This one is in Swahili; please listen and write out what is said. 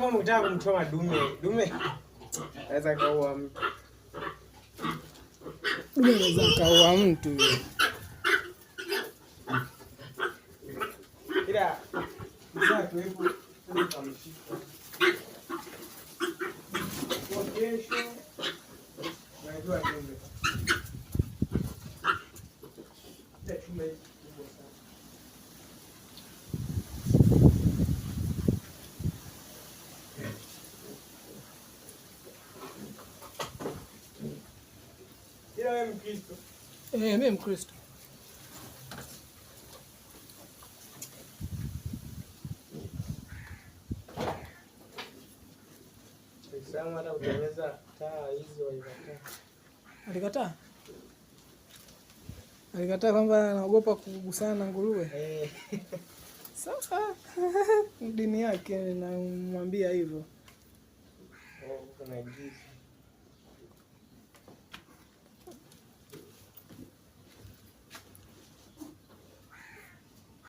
kama mkitaka kumchoma dume dume naweza kaua mtu dume naweza kaua mtu ila kesho najua dume pia wewe Mkristo? Eh, mimi Mkristo. Alikataa, alikataa kwamba anaogopa kugusana na nguruwe. Eh. Sasa dini yake namwambia hivyo. Oh,